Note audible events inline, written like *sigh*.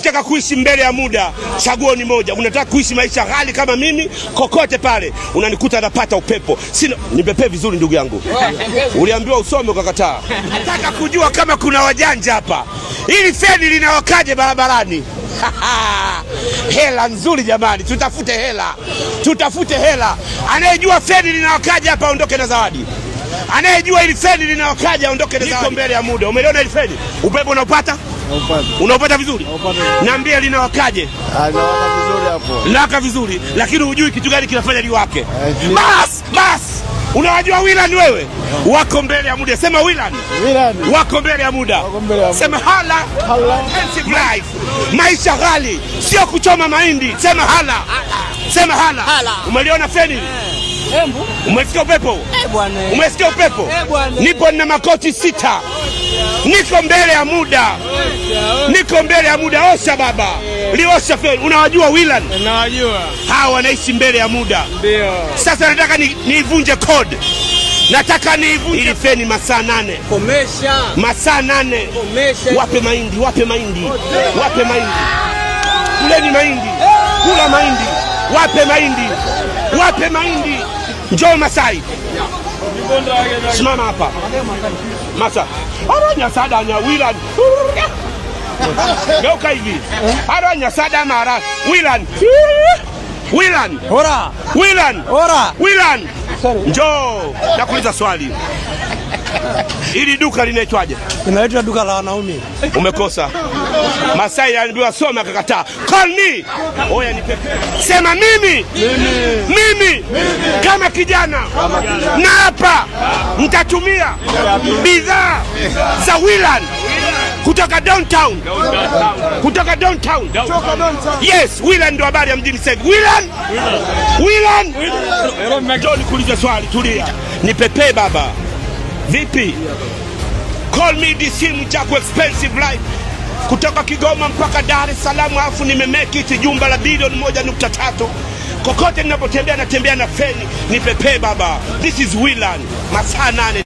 ukitaka kuishi mbele ya muda, chaguo ni moja. Unataka kuishi maisha ghali kama mimi, kokote pale unanikuta napata upepo. Sina nipepee vizuri, ndugu yangu. Uliambiwa usome ukakataa. Nataka kujua kama kuna wajanja hapa. ili feni linawakaje barabarani? *laughs* Hela nzuri jamani, tutafute hela, tutafute hela. Anayejua feni linawakaja hapa aondoke na zawadi. Anayejua hili feni linawakaja aondoke na zawadi. Niko mbele ya muda. Umeliona hili feni, upepo unaopata unaopata vizuri, niambie linawakaje? Laka vizuri, lakini hujui kitu gani kinafanya liwake. Eh, bas bas, unawajua wilan wewe, wako mbele ya muda. Sema wilan wako mbele ya muda. Sema hala, life maisha ghali, sio kuchoma mahindi. Sema hala, sema hala. Umeliona feni eh. Umesikia upepo? Eh, Umesikia upepo? Nipo nina makoti sita niko mbele ya muda, niko mbele ya muda. Osha baba, liosha feli. Unawajua wilan hawa, wanaishi mbele ya muda. sasa nataka niivunje ni kod nataka niivunje ili feni masaa nane, komesha masaa nane, Wape mahindi, wape mahindi, wape mahindi, kuleni mahindi, kula mahindi, wape mahindi, wape mahindi. Njoo Masai, simama hapa Masa aranyasada nyawilan *laughs* geuka hivi eh? aranyasada mara wilan wilan wilan wilan njoo nakuuliza swali Hili duka linaitwaje? Linaitwa duka la wanaume. Umekosa. Masai aliambiwa soma akakataa. Kani? Oya ni Sema mimi. Mimi. Mimi. Kama kijana. Na hapa mtatumia bidhaa za Wilan kutoka downtown. Kutoka downtown. Yes, Wilan ndio habari ya mjini sasa. Wilan? Wilan? Wilan? John kuuliza swali tulia. Ni pepe baba. Vipi? Call me DC Mjaku expensive life kutoka Kigoma mpaka Dar es Salaam, alafu nimemekiti jumba la bilioni moja nukta tatu. Kokote ninapotembea natembea na feni, nipepe baba. This is Willan masaa nane.